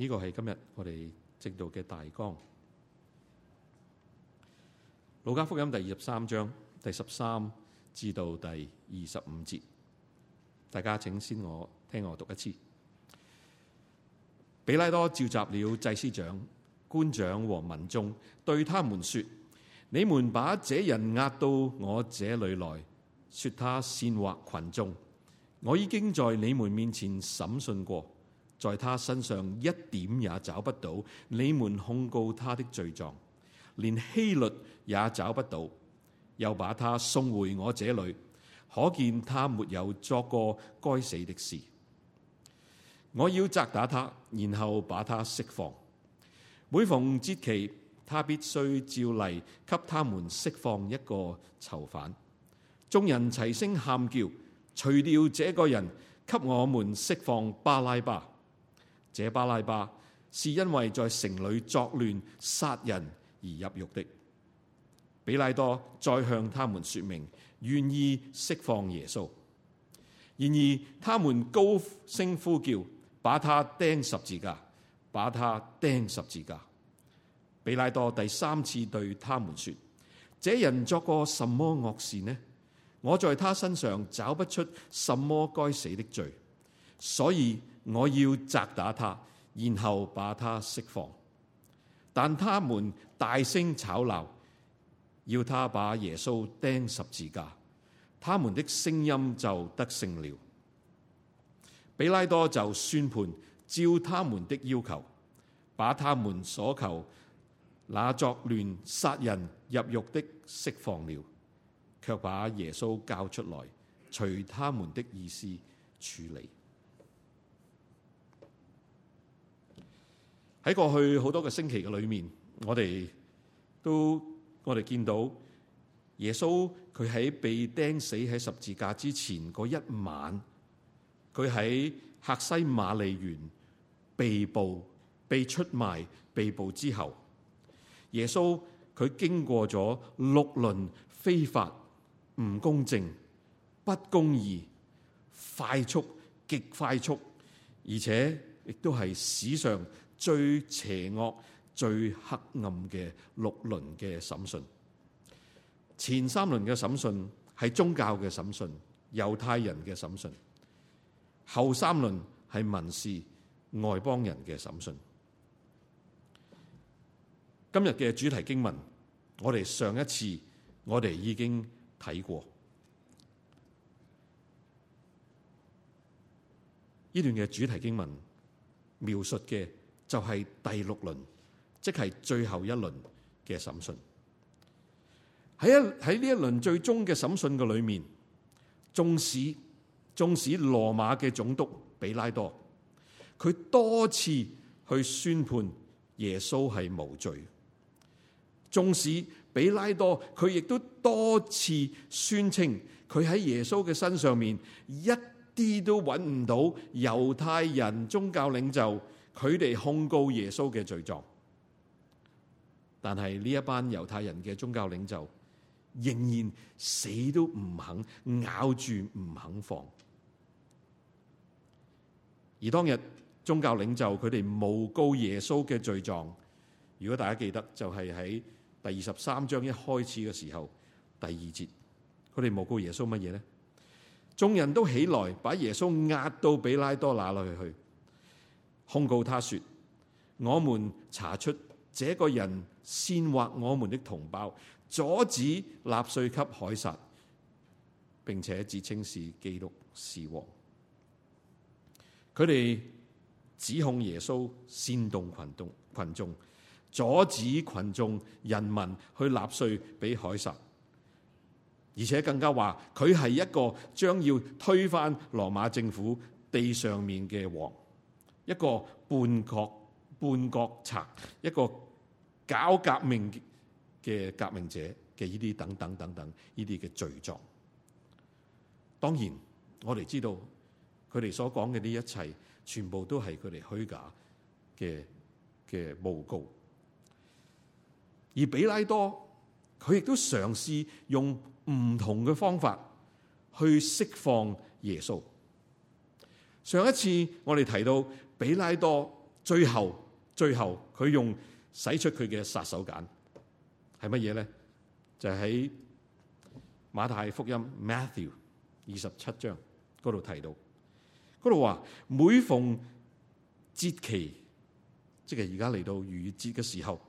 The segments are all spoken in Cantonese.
呢個係今日我哋證道嘅大綱，《路加福音》第二十三章第十三至到第二十五節，大家請先我聽我讀一次。比拉多召集了祭司長、官長和民眾，對他們說：你們把這人押到我這裡來，說他煽惑群眾。我已經在你們面前審訊過。在他身上一點也找不到，你們控告他的罪狀，連希律也找不到，又把他送回我這裡，可見他沒有作過該死的事。我要責打他，然後把他釋放。每逢節期，他必須照例給他們釋放一個囚犯。眾人齊聲喊叫：除掉這個人，給我們釋放巴拉巴！這巴拉巴是因為在城裡作亂殺人而入獄的。彼拉多再向他們說明願意釋放耶穌，然而他們高聲呼叫，把他釘十字架，把他釘十字架。彼拉多第三次對他們說：這人作過什麼惡事呢？我在他身上找不出什麼該死的罪，所以。我要責打他，然後把他釋放。但他們大聲吵鬧，要他把耶穌釘十字架。他們的聲音就得勝了。彼拉多就宣判，照他們的要求，把他們所求那作亂殺人入獄的釋放了，却把耶穌交出來，隨他們的意思處理。喺過去好多個星期嘅裏面，我哋都我哋見到耶穌佢喺被釘死喺十字架之前嗰一晚，佢喺客西馬利園被捕、被出賣、被捕之後，耶穌佢經過咗六輪非法、唔公正、不公義、快速、極快速，而且亦都係史上。最邪惡、最黑暗嘅六輪嘅審訊，前三輪嘅審訊係宗教嘅審訊、猶太人嘅審訊，後三輪係民事外邦人嘅審訊。今日嘅主題經文，我哋上一次我哋已經睇過呢段嘅主題經文描述嘅。就係第六輪，即係最後一輪嘅審訊。喺一喺呢一輪最終嘅審訊嘅裏面，縱使縱使羅馬嘅總督彼拉多，佢多次去宣判耶穌係無罪；縱使彼拉多，佢亦都多次宣稱佢喺耶穌嘅身上面一啲都揾唔到猶太人宗教領袖佢哋控告耶穌嘅罪狀，但係呢一班猶太人嘅宗教領袖仍然死都唔肯咬住唔肯放。而當日宗教領袖佢哋誣告耶穌嘅罪狀，如果大家記得，就係、是、喺第二十三章一開始嘅時候第二節，佢哋誣告耶穌乜嘢咧？眾人都起來，把耶穌壓到比拉多那裏去。控告他說，我們查出這個人煽惑我們的同胞，阻止納稅給該撒，並且自稱是基督是王。佢哋指控耶穌煽動群眾，群眾阻止群眾人民去納稅俾該撒，而且更加話佢係一個將要推翻羅馬政府地上面嘅王。一個叛國叛國賊，一個搞革命嘅革命者嘅呢啲等等等等呢啲嘅罪狀。當然，我哋知道佢哋所講嘅呢一切，全部都係佢哋虛假嘅嘅誣告。而彼拉多，佢亦都嘗試用唔同嘅方法去釋放耶穌。上一次我哋提到。比拉多最後，最後佢用使出佢嘅殺手鐧，係乜嘢咧？就係喺馬太福音 Matthew 二十七章嗰度提到，嗰度話每逢節期，即係而家嚟到逾越節嘅時候，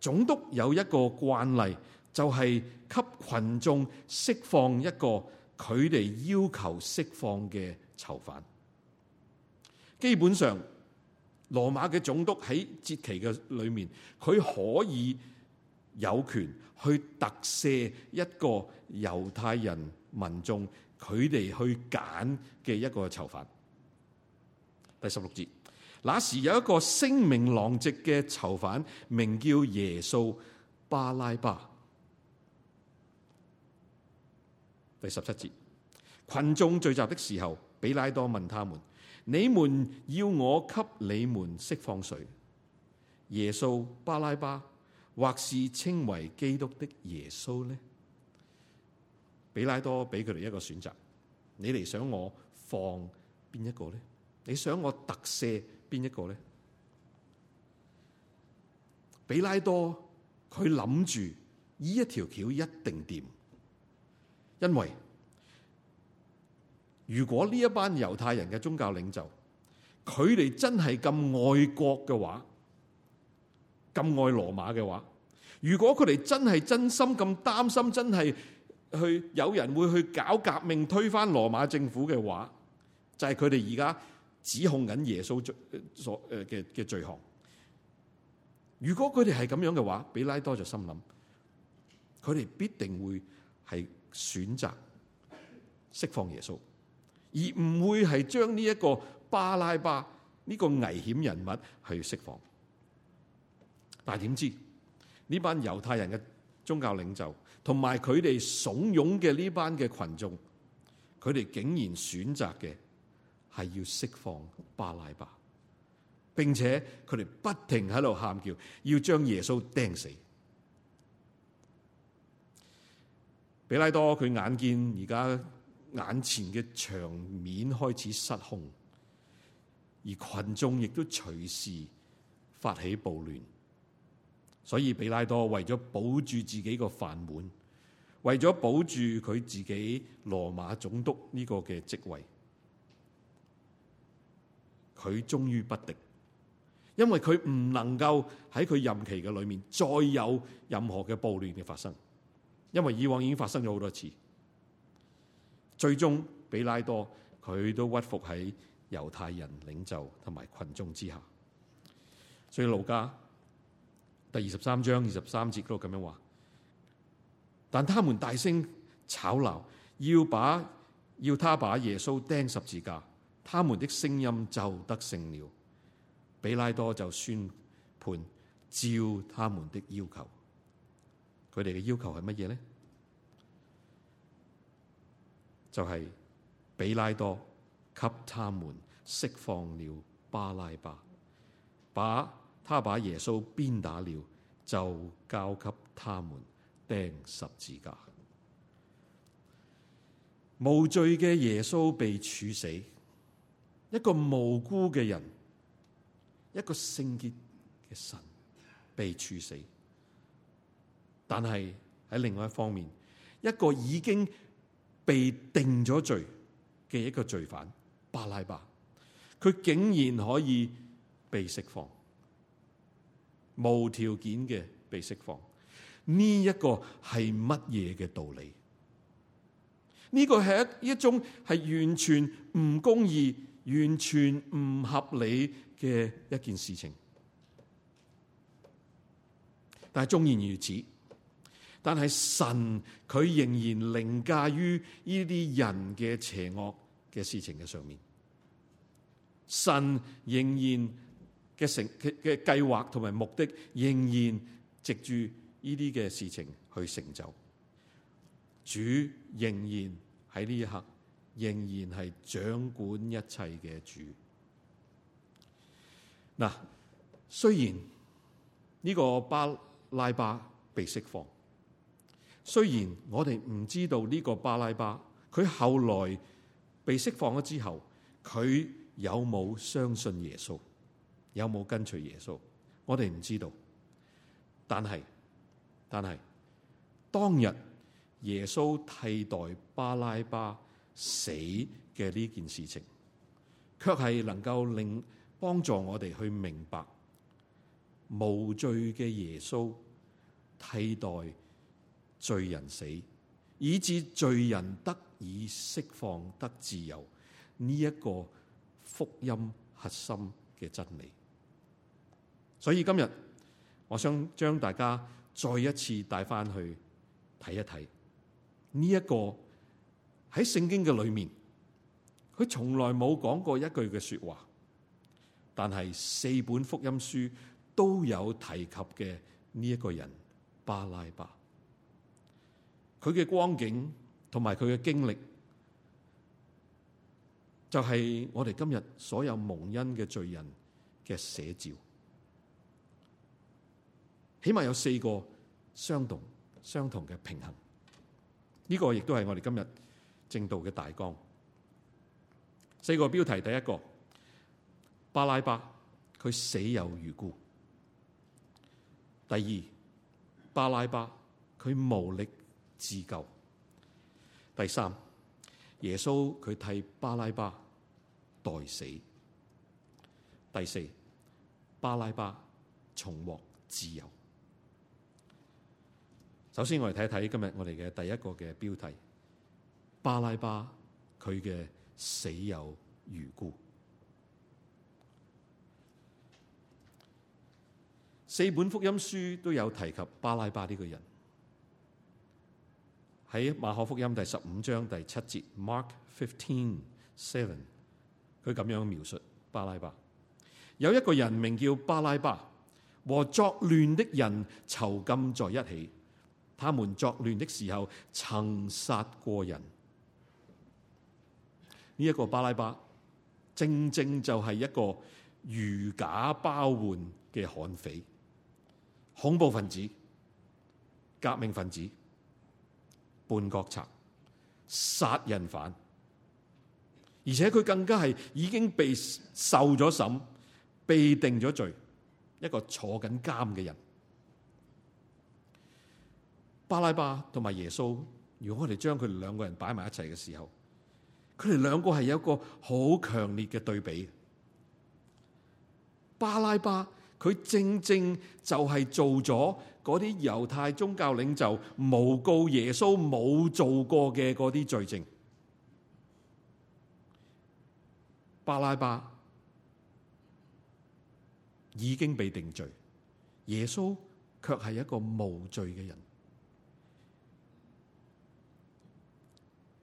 總督有一個慣例，就係給群眾釋放一個佢哋要求釋放嘅囚犯。基本上，羅馬嘅總督喺節期嘅裏面，佢可以有權去特赦一個猶太人民衆佢哋去揀嘅一個囚犯。第十六節，那時有一個聲名狼藉嘅囚犯，名叫耶穌巴拉巴。第十七節，群眾聚集的時候，彼拉多問他們。你們要我給你們釋放誰？耶穌巴拉巴，或是稱為基督的耶穌呢？彼拉多俾佢哋一個選擇，你嚟想我放邊一個呢？你想我特赦邊一個呢？彼拉多佢諗住呢一條橋一定掂，因為。如果呢一班猶太人嘅宗教領袖，佢哋真係咁愛國嘅話，咁愛羅馬嘅話，如果佢哋真係真心咁擔心，真係去有人會去搞革命推翻羅馬政府嘅話，就係佢哋而家指控緊耶穌罪所誒嘅嘅罪行。如果佢哋係咁樣嘅話，比拉多就心諗，佢哋必定會係選擇釋放耶穌。而唔會係將呢一個巴拉巴呢個危險人物去釋放，但係點知呢班猶太人嘅宗教領袖同埋佢哋慫恿嘅呢班嘅群眾，佢哋竟然選擇嘅係要釋放巴拉巴，並且佢哋不停喺度喊叫，要將耶穌釘死。比拉多佢眼見而家眼前嘅場面開始失控，而群眾亦都隨時發起暴亂，所以彼拉多為咗保住自己個飯碗，為咗保住佢自己羅馬總督呢個嘅職位，佢終於不敵，因為佢唔能夠喺佢任期嘅裏面再有任何嘅暴亂嘅發生，因為以往已經發生咗好多次。最終，比拉多佢都屈服喺猶太人領袖同埋群眾之下。所以路加第二十三章二十三節都咁樣話，但他們大聲吵鬧，要把要他把耶穌釘十字架，他們的聲音就得勝了。比拉多就宣判照他們的要求。佢哋嘅要求係乜嘢咧？就係彼拉多給他們釋放了巴拉巴，把他把耶穌鞭打了，就交給他們釘十字架。無罪嘅耶穌被處死，一個無辜嘅人，一個聖潔嘅神被處死。但係喺另外一方面，一個已經。被定咗罪嘅一個罪犯，巴拉巴，佢竟然可以被釋放，無條件嘅被釋放，呢一個係乜嘢嘅道理？呢、這個係一一種係完全唔公義、完全唔合理嘅一件事情，但係縱然如此。但係神佢仍然凌駕於呢啲人嘅邪惡嘅事情嘅上面。神仍然嘅成佢嘅計劃同埋目的仍然藉住呢啲嘅事情去成就。主仍然喺呢一刻，仍然係掌管一切嘅主。嗱，雖然呢個巴拉巴被釋放。雖然我哋唔知道呢個巴拉巴，佢後來被釋放咗之後，佢有冇相信耶穌，有冇跟隨耶穌，我哋唔知道。但係，但係當日耶穌替代巴拉巴死嘅呢件事情，卻係能夠令幫助我哋去明白無罪嘅耶穌替代。罪人死，以致罪人得以釋放得自由，呢一個福音核心嘅真理。所以今日，我想將大家再一次帶翻去睇一睇呢一個喺聖經嘅裏面，佢從來冇講過一句嘅說話，但係四本福音書都有提及嘅呢一個人巴拉巴。佢嘅光景同埋佢嘅經歷，就係、是、我哋今日所有蒙恩嘅罪人嘅寫照。起碼有四個相同相同嘅平衡，呢、這個亦都係我哋今日正道嘅大綱。四個標題，第一個巴拉巴佢死有餘辜；第二，巴拉巴佢無力自救。第三，耶穌佢替巴拉巴代死。第四，巴拉巴重獲自由。首先，我哋睇一睇今日我哋嘅第一個嘅標題：巴拉巴佢嘅死有餘辜。四本福音書都有提及巴拉巴呢個人。喺馬可福音第十五章第七節，Mark Fifteen Seven，佢咁樣描述巴拉巴：有一個人名叫巴拉巴，和作亂的人囚禁在一起。他們作亂的時候曾殺過人。呢、這、一個巴拉巴，正正就係一個如假包換嘅悍匪、恐怖分子、革命分子。叛國賊、殺人犯，而且佢更加係已經被受咗審、被定咗罪，一個坐緊監嘅人。巴拉巴同埋耶穌，如果我哋將佢哋兩個人擺埋一齊嘅時候，佢哋兩個係有一個好強烈嘅對比。巴拉巴。佢正正就係做咗嗰啲猶太宗教領袖誣告耶穌冇做過嘅嗰啲罪證，巴拉巴已經被定罪，耶穌卻係一個無罪嘅人。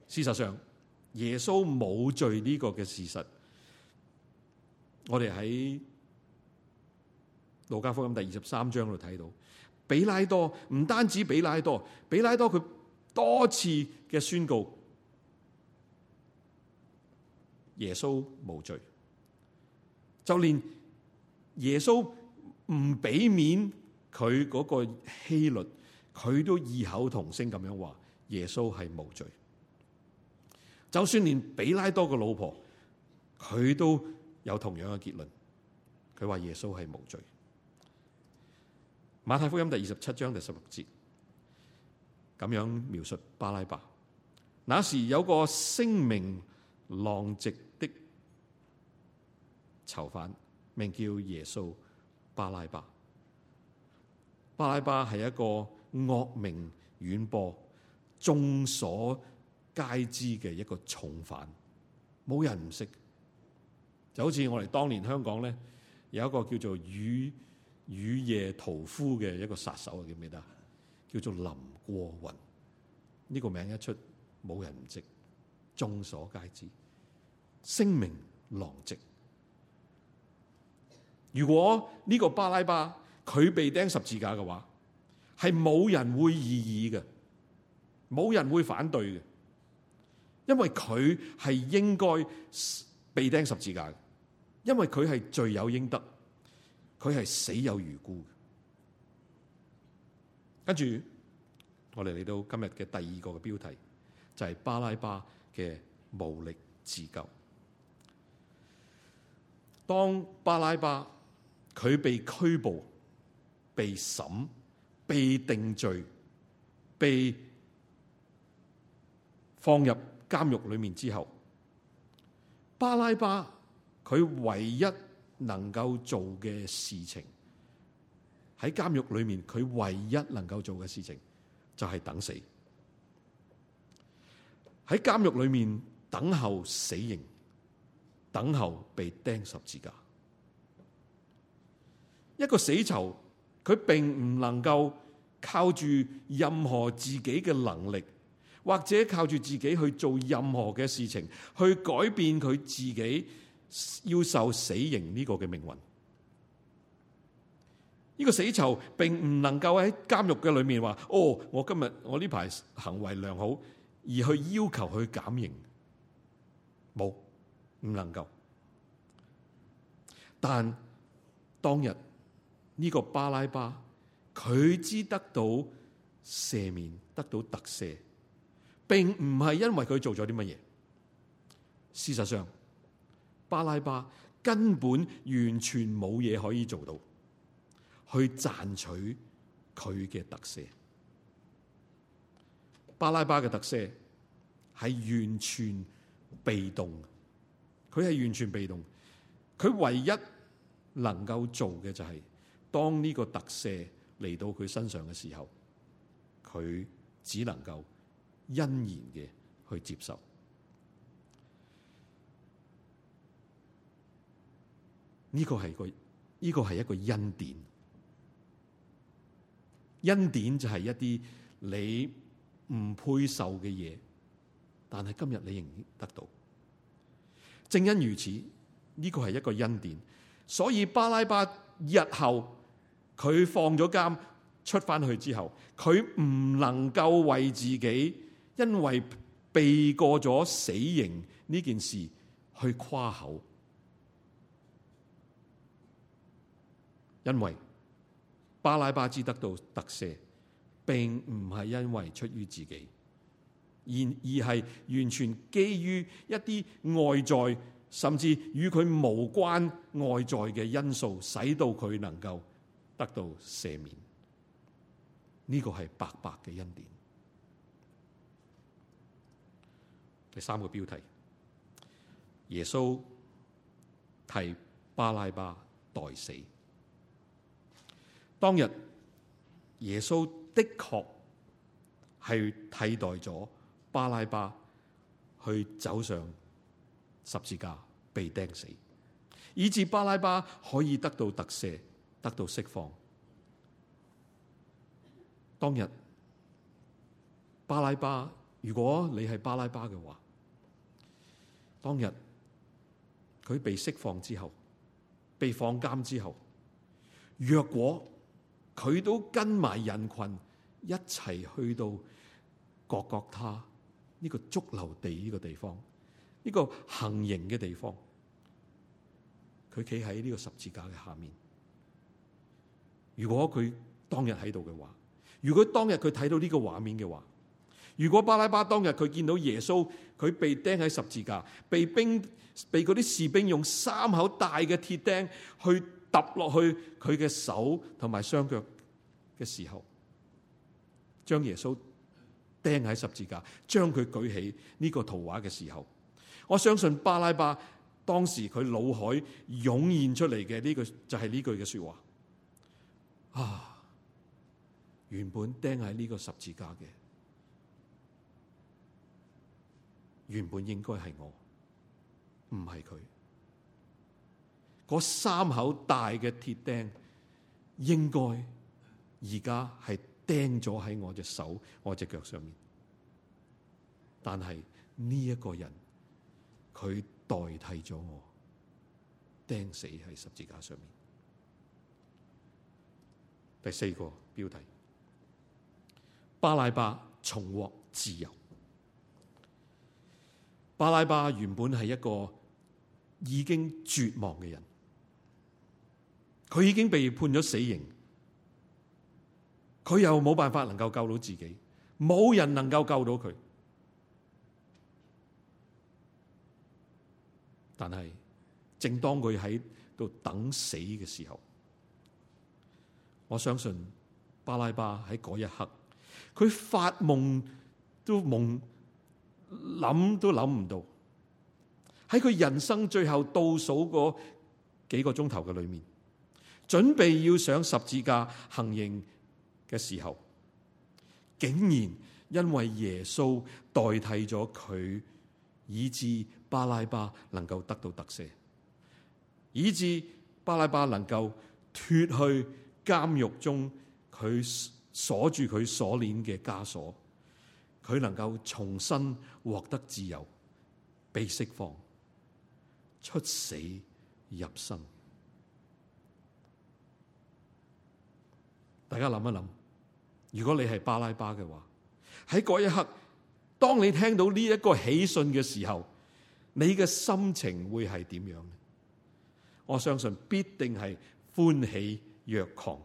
事實上，耶穌冇罪呢個嘅事實，我哋喺。路加福音第二十三章度睇到，比拉多唔單止比拉多，比拉多佢多次嘅宣告耶穌無罪，就連耶穌唔俾面佢嗰個希律，佢都異口同聲咁樣話耶穌係無罪就算連比拉多嘅老婆，佢都有同樣嘅結論，佢話耶穌係無罪。馬太福音第二十七章第十六節，咁樣描述巴拉巴。那時有一個聲名狼藉的囚犯，名叫耶穌巴拉巴。巴拉巴係一個惡名遠播、眾所皆知嘅一個重犯，冇人唔識。就好似我哋當年香港咧，有一個叫做與。雨夜屠夫嘅一個殺手啊，叫咩名啊？叫做林過雲。呢個名一出，冇人唔識，眾所皆知，聲名狼藉。如果呢個巴拉巴佢被釘十字架嘅話，係冇人會異議嘅，冇人會反對嘅，因為佢係應該被釘十字架嘅，因為佢係罪有應得。佢係死有餘辜。跟住，我哋嚟到今日嘅第二個嘅標題，就係巴拉巴嘅無力自救。當巴拉巴佢被拘捕、被審、被定罪、被放入監獄裏面之後，巴拉巴佢唯一。能夠做嘅事情，喺監獄裏面，佢唯一能夠做嘅事情就係等死。喺監獄裏面等候死刑，等候被釘十字架。一個死囚，佢並唔能夠靠住任何自己嘅能力，或者靠住自己去做任何嘅事情，去改變佢自己。要受死刑呢個嘅命運，呢個死囚並唔能夠喺監獄嘅裏面話：哦，我今日我呢排行為良好，而去要求去減刑，冇唔能夠。但當日呢個巴拉巴，佢知得到赦免，得到特赦，並唔係因為佢做咗啲乜嘢。事實上。巴拉巴根本完全冇嘢，可以做到，去賺取佢嘅特赦。巴拉巴嘅特赦係完全被動，佢係完全被動。佢唯一能夠做嘅就係，當呢個特赦嚟到佢身上嘅時候，佢只能夠欣然嘅去接受。呢個係個，呢個係一個恩典。恩典就係一啲你唔配受嘅嘢，但係今日你仍然得到。正因如此，呢個係一個恩典。所以巴拉巴日後佢放咗監出翻去之後，佢唔能夠為自己因為避過咗死刑呢件事去誇口。因為巴拉巴之得到特赦，並唔係因為出於自己，而而係完全基於一啲外在，甚至與佢無關外在嘅因素，使到佢能夠得到赦免。呢、這個係白白嘅恩典。第三個標題：耶穌替巴拉巴代死。當日耶穌的確係替代咗巴拉巴去走上十字架，被釘死，以致巴拉巴可以得到特赦、得到釋放。當日巴拉巴，如果你係巴拉巴嘅話，當日佢被釋放之後，被放監之後、若果佢都跟埋人群一齊去到各各他呢、這個髑髏地，呢個地方，呢、這個行刑嘅地方。佢企喺呢個十字架嘅下面。如果佢當日喺度嘅話，如果當日佢睇到呢個畫面嘅話，如果巴拉巴當日佢見到耶穌佢被釘喺十字架，被兵被啲士兵用三口大嘅鐵釘去。揼落去佢嘅手同埋雙腳嘅時候，將耶穌釘喺十字架，將佢舉起呢個圖畫嘅時候，我相信巴拉巴當時佢腦海湧現出嚟嘅呢句就係呢句嘅說話，啊，原本釘喺呢個十字架嘅，原本應該係我，唔係佢。嗰三口大嘅鐵釘，應該而家係釘咗喺我隻手、我隻腳上面。但係呢一個人，佢代替咗我釘死喺十字架上面。第四個標題：巴拉巴重獲自由。巴拉巴原本係一個已經絕望嘅人。佢已經被判咗死刑，佢又冇辦法能夠救到自己，冇人能夠救到佢。但係，正當佢喺度等死嘅時候，我相信巴拉巴喺嗰一刻，佢發夢都夢，諗都諗唔到，喺佢人生最後倒數個幾個鐘頭嘅裏面，準備要上十字架行刑嘅時候，竟然因為耶穌代替咗佢，以致巴拉巴能夠得到特赦，以致巴拉巴能夠脫去監獄中佢鎖住佢鎖鏈嘅枷鎖，佢能夠重新獲得自由，被釋放，出死入生。大家諗一諗，如果你係巴拉巴嘅話，喺嗰一刻，當你聽到呢一個喜訊嘅時候，你嘅心情會係點樣呢？我相信必定係歡喜若狂，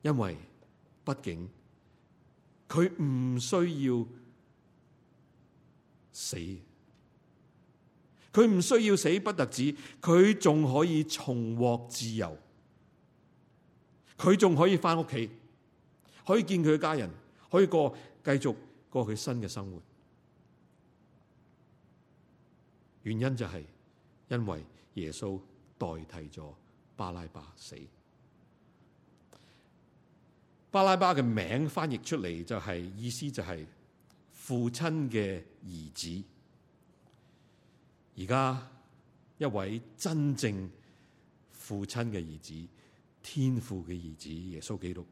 因為畢竟佢唔需要死，佢唔需要死，不特止，佢仲可以重獲自由。佢仲可以返屋企，可以見佢家人，可以過繼續過佢新嘅生活。原因就係因為耶穌代替咗巴拉巴死。巴拉巴嘅名翻譯出嚟就係、是、意思就係父親嘅兒子。而家一位真正父親嘅兒子。天父嘅兒子耶穌基督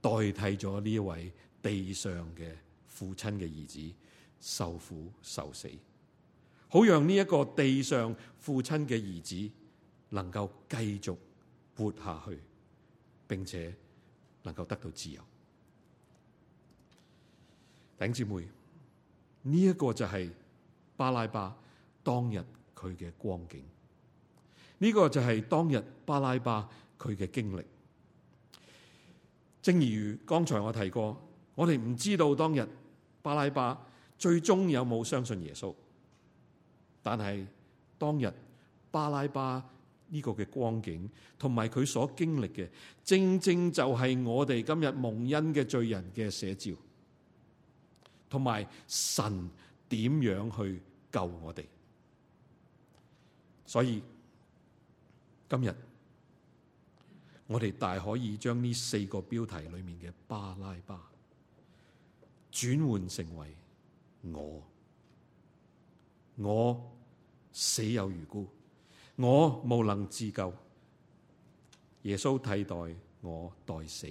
代替咗呢一位地上嘅父親嘅兒子受苦受死，好讓呢一個地上父親嘅兒子能夠繼續活下去，並且能夠得到自由。弟兄姊妹，呢、這、一個就係巴拉巴當日佢嘅光景，呢、這個就係當日巴拉巴。佢嘅經歷，正如剛才我提過，我哋唔知道當日巴拉巴最終有冇相信耶穌，但係當日巴拉巴呢個嘅光景同埋佢所經歷嘅，正正就係我哋今日蒙恩嘅罪人嘅寫照，同埋神點樣去救我哋，所以今日。我哋大可以將呢四個標題裏面嘅巴拉巴轉換成為我，我死有餘辜，我無能自救，耶穌替代我代死，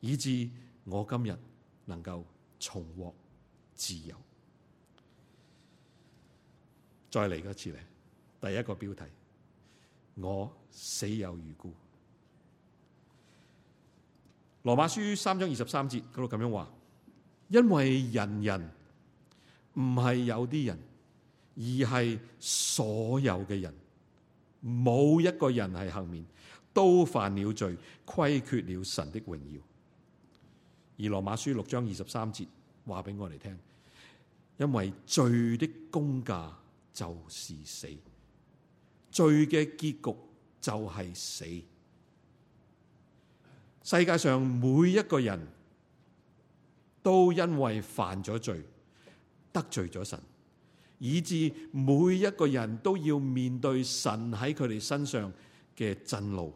以致我今日能夠重獲自由。再嚟一次咧，第一個標題我死有餘辜。羅馬書三章二十三節，佢度咁樣話：因為人人唔係有啲人，而係所有嘅人，冇一個人係幸免，都犯了罪，虧缺了神的榮耀。而羅馬書六章二十三節話俾我哋聽：因為罪的工價就是死，罪嘅結局就係死。世界上每一個人都因為犯咗罪得罪咗神，以致每一個人都要面對神喺佢哋身上嘅震怒，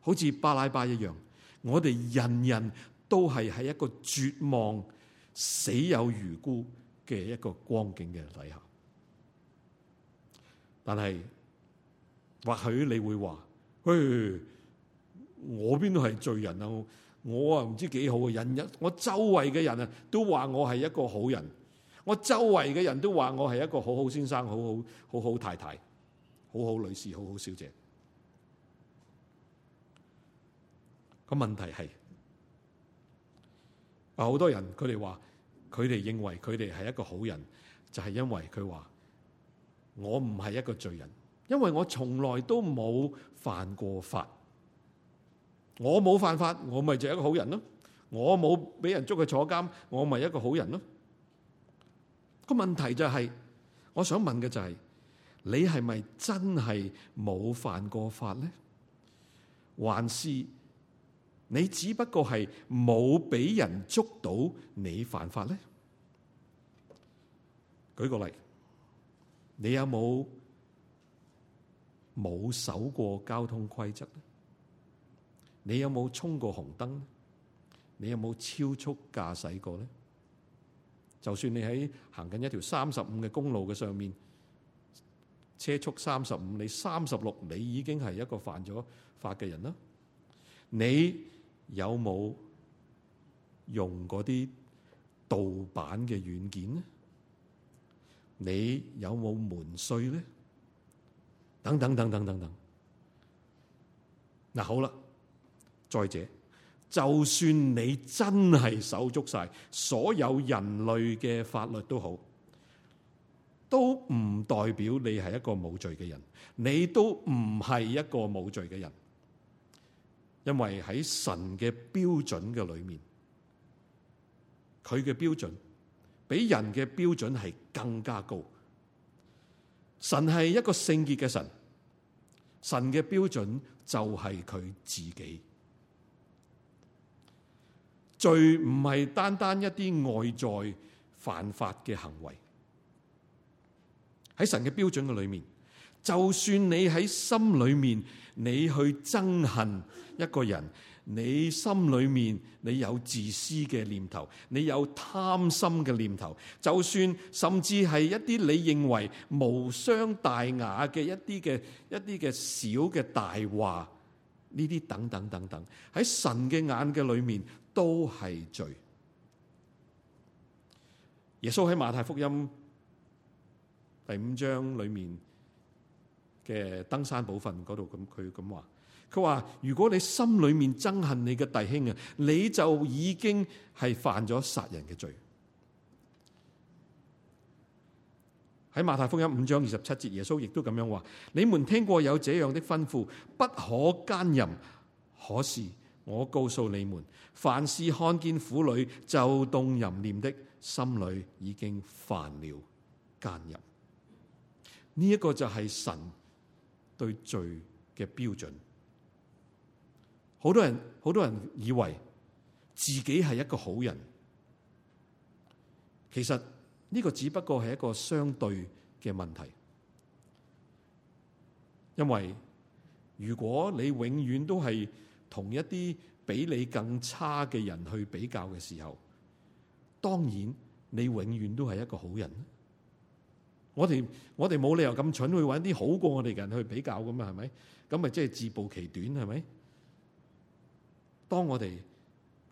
好似巴拉巴一樣。我哋人人都係喺一個絕望、死有餘辜嘅一個光景嘅底下。但係，或許你會話，嘿我邊度係罪人啊！我啊唔知幾好啊！人人我周圍嘅人啊，都話我係一個好人。我周圍嘅人都話我係一個好好先生、好好好好太太、好好女士、好好小姐。咁問題係，啊好多人佢哋話，佢哋認為佢哋係一個好人，就係因為佢話我唔係一個罪人，因為我從來都冇犯過法。我冇犯法，我咪就係一個好人咯。我冇俾人捉去坐監，我咪一個好人咯。個問題就係，我想問嘅就係，你係咪真係冇犯過法咧？還是你只不過係冇俾人捉到你犯法咧？舉個例，你有冇冇守過交通規則？你有冇衝過紅燈？你有冇超速駕駛過咧？就算你喺行緊一條三十五嘅公路嘅上面，車速三十五，你三十六，你已經係一個犯咗法嘅人啦。你有冇用嗰啲盜版嘅軟件咧？你有冇瞞稅咧？等等等等等等。嗱、啊，好啦。再者，就算你真係守足晒所有人類嘅法律都好，都唔代表你係一個冇罪嘅人，你都唔係一個冇罪嘅人，因為喺神嘅標準嘅裏面，佢嘅標準比人嘅標準係更加高。神係一個聖潔嘅神，神嘅標準就係佢自己。罪唔係單單一啲外在犯法嘅行為，喺神嘅標準嘅裏面，就算你喺心裏面，你去憎恨一個人，你心裏面你有自私嘅念頭，你有貪心嘅念頭，就算甚至係一啲你認為無傷大雅嘅一啲嘅一啲嘅小嘅大話呢啲等等等等喺神嘅眼嘅裏面，都係罪。耶穌喺馬太福音第五章裏面嘅登山寶訓嗰度，咁佢咁話：佢話如果你心裏面憎恨你嘅弟兄啊，你就已經係犯咗殺人嘅罪。喺馬太福音五章二十七節，耶穌亦都咁樣話：你們聽過有這樣的吩咐，不可姦淫，可是。我告訴你們，凡是看見婦女就動淫念的，心裏已經犯了奸淫。呢一個就係神對罪嘅標準。好多人好多人以為自己係一個好人，其實呢個只不過係一個相對嘅問題。因為如果你永遠都係，同一啲比你更差嘅人去比較嘅時候，當然你永遠都係一個好人。我哋我哋冇理由咁蠢去搵啲好過我哋嘅人去比較㗎嘛，係咪？咁咪即係自暴其短，係咪？當我哋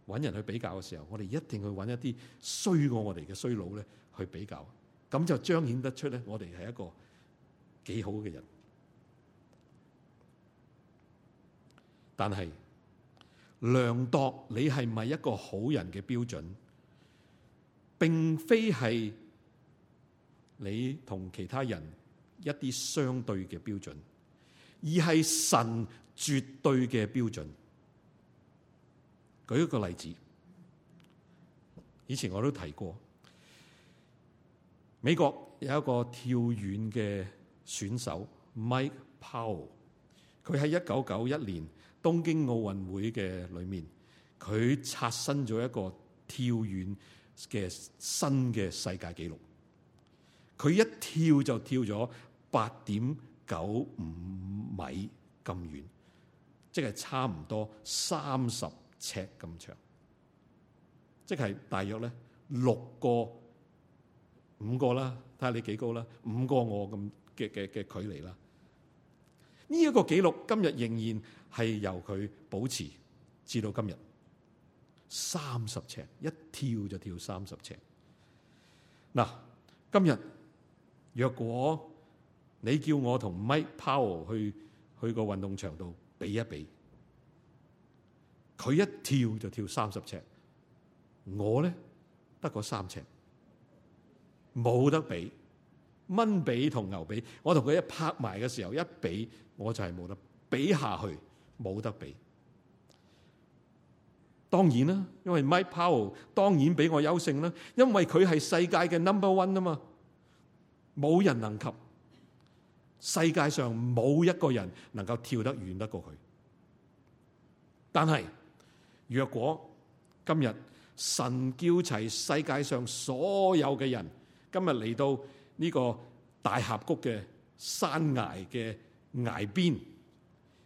搵人去比較嘅時候，我哋一定去搵一啲衰過我哋嘅衰佬咧去比較，咁就彰顯得出咧，我哋係一個幾好嘅人。但係，量度你係咪一個好人嘅標準，並非係你同其他人一啲相對嘅標準，而係神絕對嘅標準。舉一個例子，以前我都提過，美國有一個跳遠嘅選手 Mike Powell，佢喺一九九一年。東京奧運會嘅裏面，佢刷新咗一個跳遠嘅新嘅世界紀錄。佢一跳就跳咗八點九五米咁遠，即係差唔多三十尺咁長，即係大約咧六個、五個啦，睇下你幾高啦，五個我咁嘅嘅嘅距離啦。呢一個記錄今日仍然係由佢保持，至到今日三十尺，一跳就跳三十尺。嗱，今日若果你叫我同 Mike Powell 去去個運動場度比一比，佢一跳就跳三十尺，我咧得個三尺，冇得比。蚊比同牛比，我同佢一拍埋嘅時候一比，我就係冇得比下去，冇得比。當然啦，因為 Mike Powell 當然比我優勝啦，因為佢係世界嘅 Number One 啊嘛，冇人能及。世界上冇一個人能夠跳得遠得過佢。但係若果今日神叫齊世界上所有嘅人，今日嚟到呢個大峽谷嘅山崖嘅。崖邊，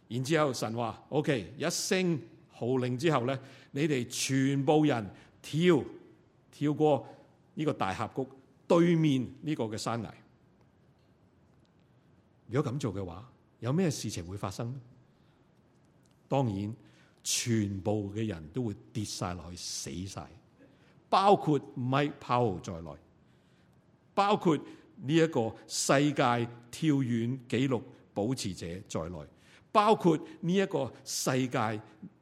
然之後神話，OK，一聲號令之後咧，你哋全部人跳跳過呢個大峽谷對面呢個嘅山崖。如果咁做嘅話，有咩事情會發生？當然，全部嘅人都會跌晒落去，死晒，包括 Mike Powell 在內，包括呢一個世界跳遠紀錄。保持者在內，包括呢一個世界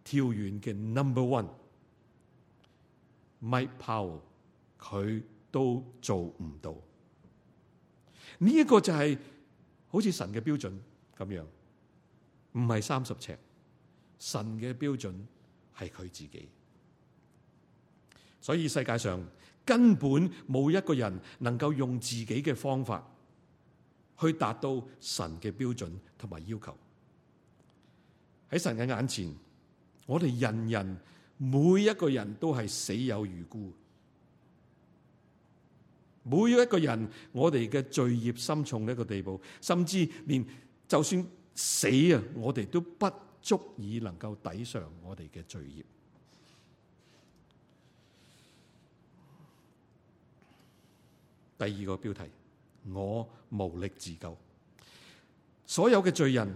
跳遠嘅 number one，Mike Powell，佢都做唔到。呢、這、一個就係、是、好似神嘅標準咁樣，唔係三十尺，神嘅標準係佢自己。所以世界上根本冇一個人能夠用自己嘅方法。去達到神嘅標準同埋要求，喺神嘅眼前，我哋人人每一個人都係死有餘辜，每一個人我哋嘅罪孽深重呢個地步，甚至連就算死啊，我哋都不足以能夠抵償我哋嘅罪孽。第二個標題。我無力自救，所有嘅罪人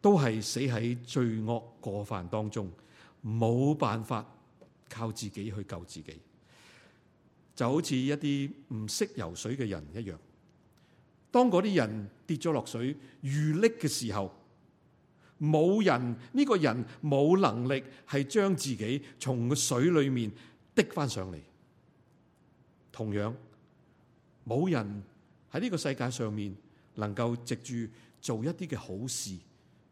都係死喺罪惡過犯當中，冇辦法靠自己去救自己，就好似一啲唔識游水嘅人一樣。當嗰啲人跌咗落水遇溺嘅時候，冇人呢個人冇能力係將自己從個水裏面滴翻上嚟，同樣冇人。喺呢個世界上面，能夠藉住做一啲嘅好事，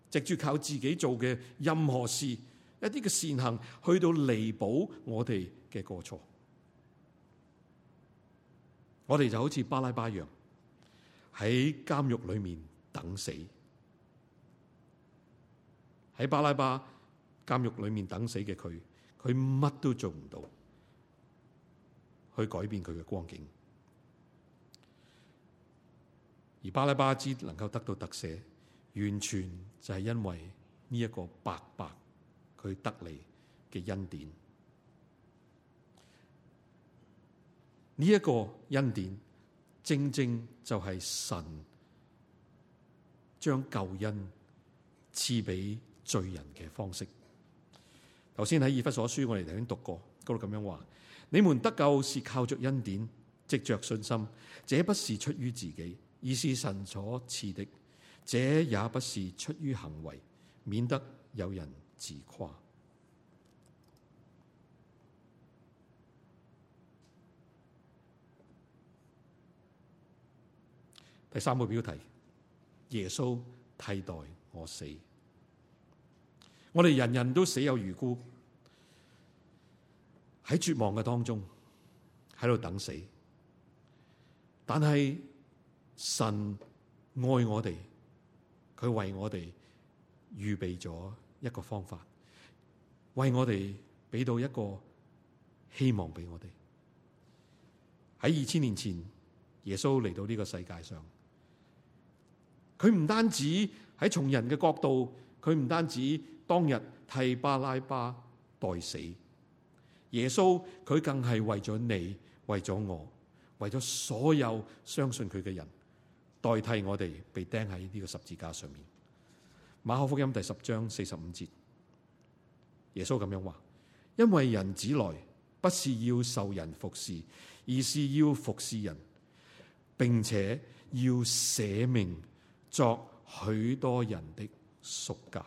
藉住靠自己做嘅任何事，一啲嘅善行，去到彌補我哋嘅過錯。我哋就好似巴拉巴一樣，喺監獄裏面等死。喺巴拉巴監獄裏面等死嘅佢，佢乜都做唔到，去改變佢嘅光景。而巴拉巴之能夠得到特赦，完全就係因為呢一個白白佢得嚟嘅恩典。呢、這、一個恩典正正就係神將救恩賜俾罪人嘅方式。頭先喺以弗所書，我哋頭先讀過嗰度咁樣話：你們得救是靠着恩典，藉着信心，這不是出於自己，乃是神所賜的，這也不是出於行為，免得有人自誇。第三個標題：耶穌替代我死。我哋人人都死有餘辜，喺絕望嘅當中，喺度等死，但係。神愛我哋，佢為我哋預備咗一個方法，為我哋俾到一個希望俾我哋。喺二千年前，耶穌嚟到呢個世界上，佢唔單止喺從人嘅角度，佢唔單止當日替巴拉巴代死，耶穌佢更係為咗你，為咗我，為咗所有相信佢嘅人。代替我哋被釘喺呢個十字架上面。馬可福音第十章四十五節，耶穌咁樣話：因為人子來，不是要受人服事，而是要服事人，並且要捨命作許多人的贖價。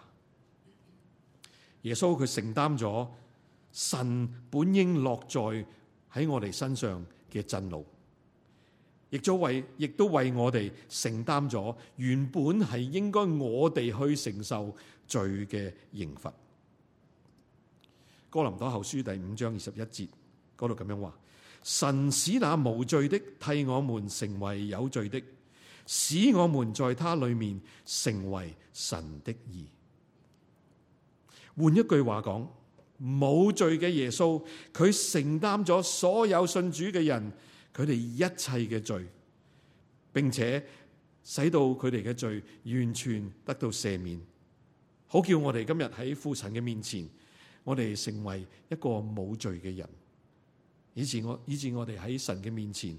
耶穌佢承擔咗神本應落在喺我哋身上嘅震怒。亦都為，亦都為我哋承擔咗原本係應該我哋去承受罪嘅刑罰。哥林多後書第五章二十一節嗰度咁樣話：神使那無罪的替我們成為有罪的，使我們在他裏面成為神的義。換一句話講，冇罪嘅耶穌，佢承擔咗所有信主嘅人，佢哋一切嘅罪，並且使到佢哋嘅罪完全得到赦免，好叫我哋今日喺父神嘅面前，我哋成為一個冇罪嘅人。以至我以至我哋喺神嘅面前，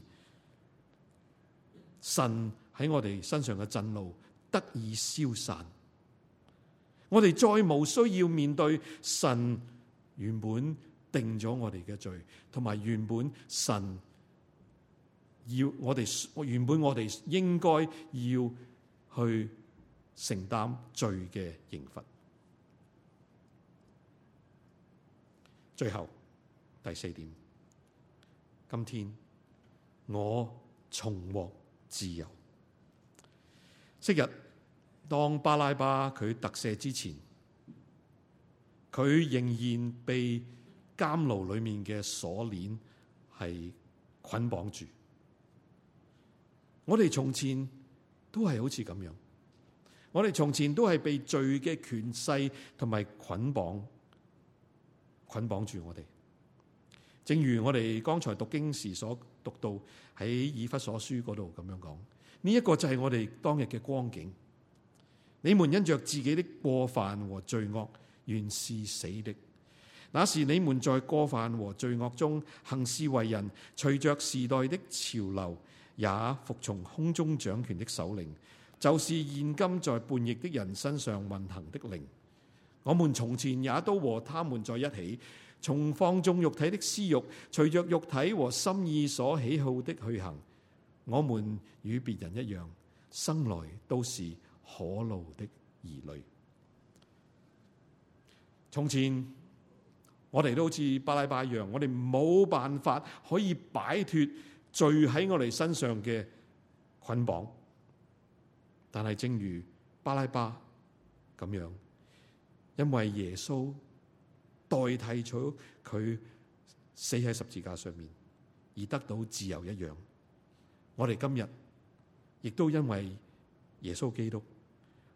神喺我哋身上嘅震怒得以消散，我哋再冇需要面對神原本定咗我哋嘅罪，同埋原本神。要我哋原本我哋應該要去承擔罪嘅刑罰。最後第四點，今天我重獲自由。昔日當巴拉巴佢特赦之前，佢仍然被監牢裏面嘅鎖鏈係捆綁住。我哋從前都係好似咁樣，我哋從前都係被罪嘅權勢同埋捆綁，捆綁住我哋。正如我哋剛才讀經時所讀到喺以弗所書嗰度咁樣講，呢一個就係我哋當日嘅光景。你們因着自己的過犯和罪惡，原是死的。那時你們在過犯和罪惡中行事為人，隨着時代的潮流。也服從空中掌權的首領，就是現今在叛逆的人身上運行的靈。我們從前也都和他們在一起，從放縱肉體的私欲，隨着肉體和心意所喜好的去行。我們與別人一樣，生來都是可怒的兒女。從前我哋都好似巴拉巴一樣，我哋冇辦法可以擺脫。罪喺我哋身上嘅捆綁，但係正如巴拉巴咁樣，因為耶穌代替咗佢死喺十字架上面而得到自由一樣，我哋今日亦都因為耶穌基督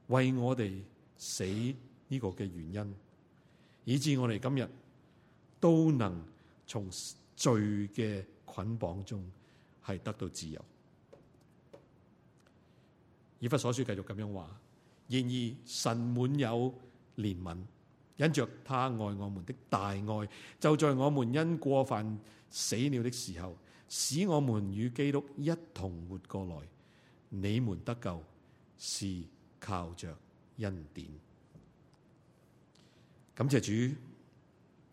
為我哋死呢個嘅原因，以致我哋今日都能從罪嘅捆綁中。係得到自由。以弗所書繼續咁樣話，然而神滿有憐憫，因着他愛我們的大愛，就在我們因過犯死了的時候，使我們與基督一同活過來。你們得救是靠着恩典。感謝主，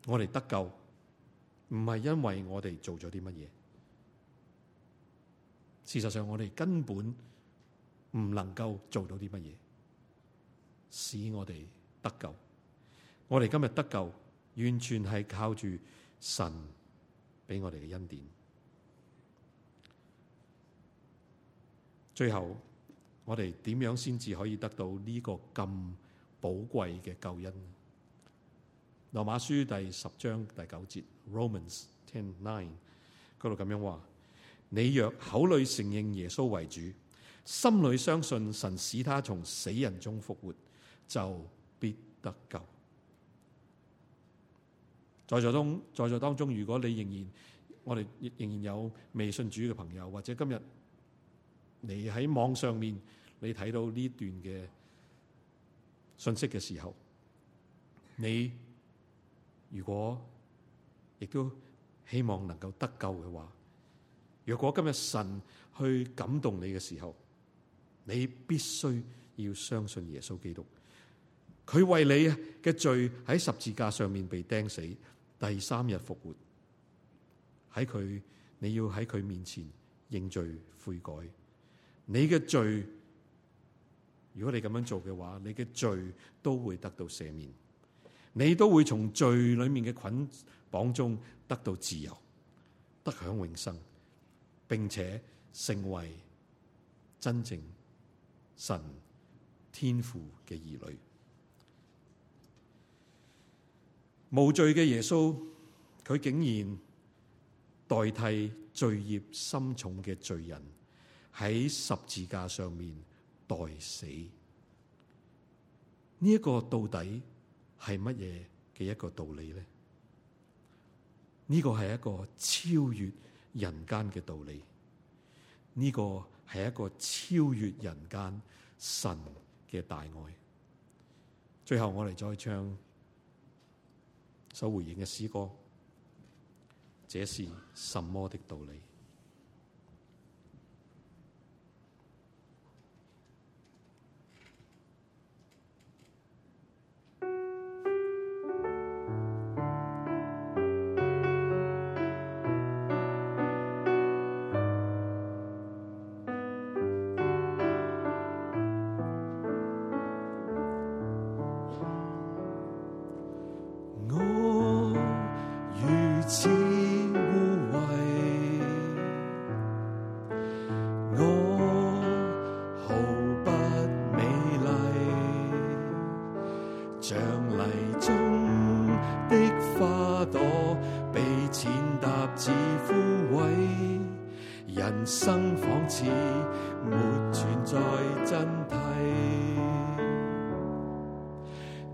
我哋得救唔係因為我哋做咗啲乜嘢。事實上，我哋根本唔能夠做到啲乜嘢，使我哋得救。我哋今日得救，完全係靠住神俾我哋嘅恩典。最後，我哋點樣先至可以得到呢個咁寶貴嘅救恩？羅馬書第十章第九節 （Romans ten nine） 嗰度咁樣話。你若口裏承認耶穌為主，心裏相信神使他從死人中復活，就必得救。在座中，在座當中，如果你仍然，我哋仍然有未信主嘅朋友，或者今日你喺網上面你睇到呢段嘅信息嘅時候，你如果亦都希望能夠得救嘅話，若果今日神去感動你嘅時候，你必須要相信耶穌基督。佢為你嘅罪喺十字架上面被釘死，第三日復活。喺佢，你要喺佢面前認罪悔改。你嘅罪，如果你咁樣做嘅話，你嘅罪都會得到赦免，你都會從罪裏面嘅捆綁中得到自由，得享永生。並且成為真正神天父嘅兒女，無罪嘅耶穌，佢竟然代替罪孽深重嘅罪人喺十字架上面代死。呢一個到底係乜嘢嘅一個道理呢？呢個係一個超越。人間嘅道理，呢個係一個超越人間神嘅大愛。最後我哋再唱首回應嘅詩歌，這是什麼的道理？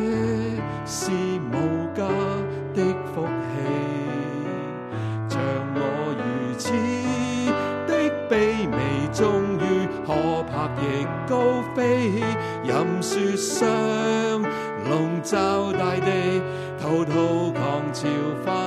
這是無價的福氣，像我如此的卑微，終於可拍翼高飛，任雪霜籠罩大地，滔滔狂潮。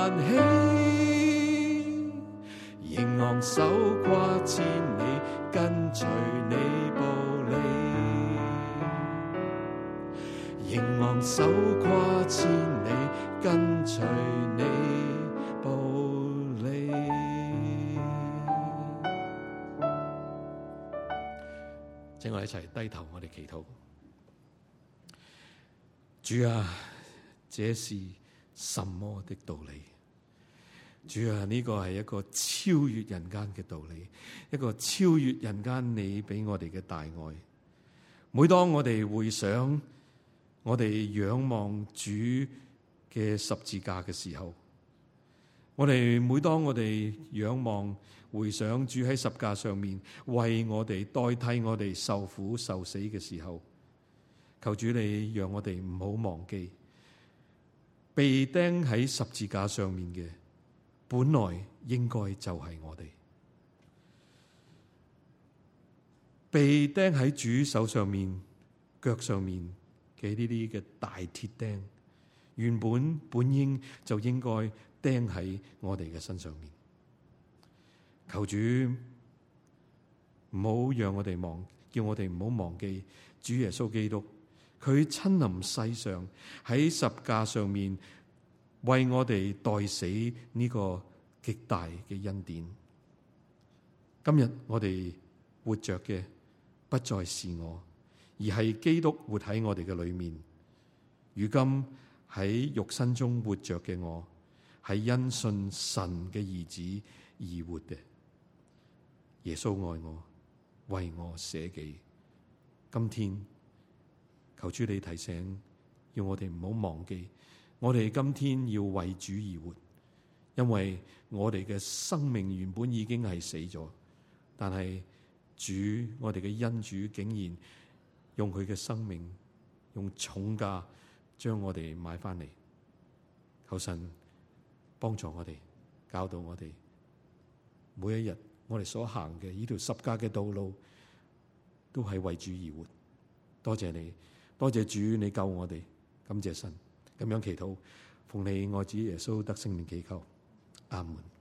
祈禱，主啊，這是什麼的道理？主啊，呢個係一個超越人間嘅道理，一個超越人間你俾我哋嘅大愛。每當我哋回想，我哋仰望主嘅十字架嘅時候，我哋每當我哋仰望。回想主喺十架上面為我哋代替我哋受苦受死嘅時候，求主你讓我哋唔好忘記被釘喺十字架上面嘅，本來應該就係我哋被釘喺主手上面、腳上面嘅呢啲嘅大鐵釘，原本本應就應該釘喺我哋嘅身上面。求主唔好讓我哋忘，叫我哋唔好忘記主耶穌基督，佢親臨世上，喺十架上面為我哋代死呢個極大嘅恩典。今日我哋活着嘅，不再是我，而係基督活喺我哋嘅裏面。如今喺肉身中活着嘅我，係因信神嘅兒子而活嘅。耶穌愛我，為我捨己。今天求主你提醒，要我哋唔好忘記，我哋今天要為主而活，因為我哋嘅生命原本已經係死咗，但係主我哋嘅恩主竟然用佢嘅生命，用重價將我哋買翻嚟。求神幫助我哋，教導我哋，每一日。我哋所行嘅呢條十架嘅道路，都係為主而活。多謝你，多謝主，你救我哋。感謝神，咁樣祈禱，奉你愛子耶穌得聖靈祈求。阿門。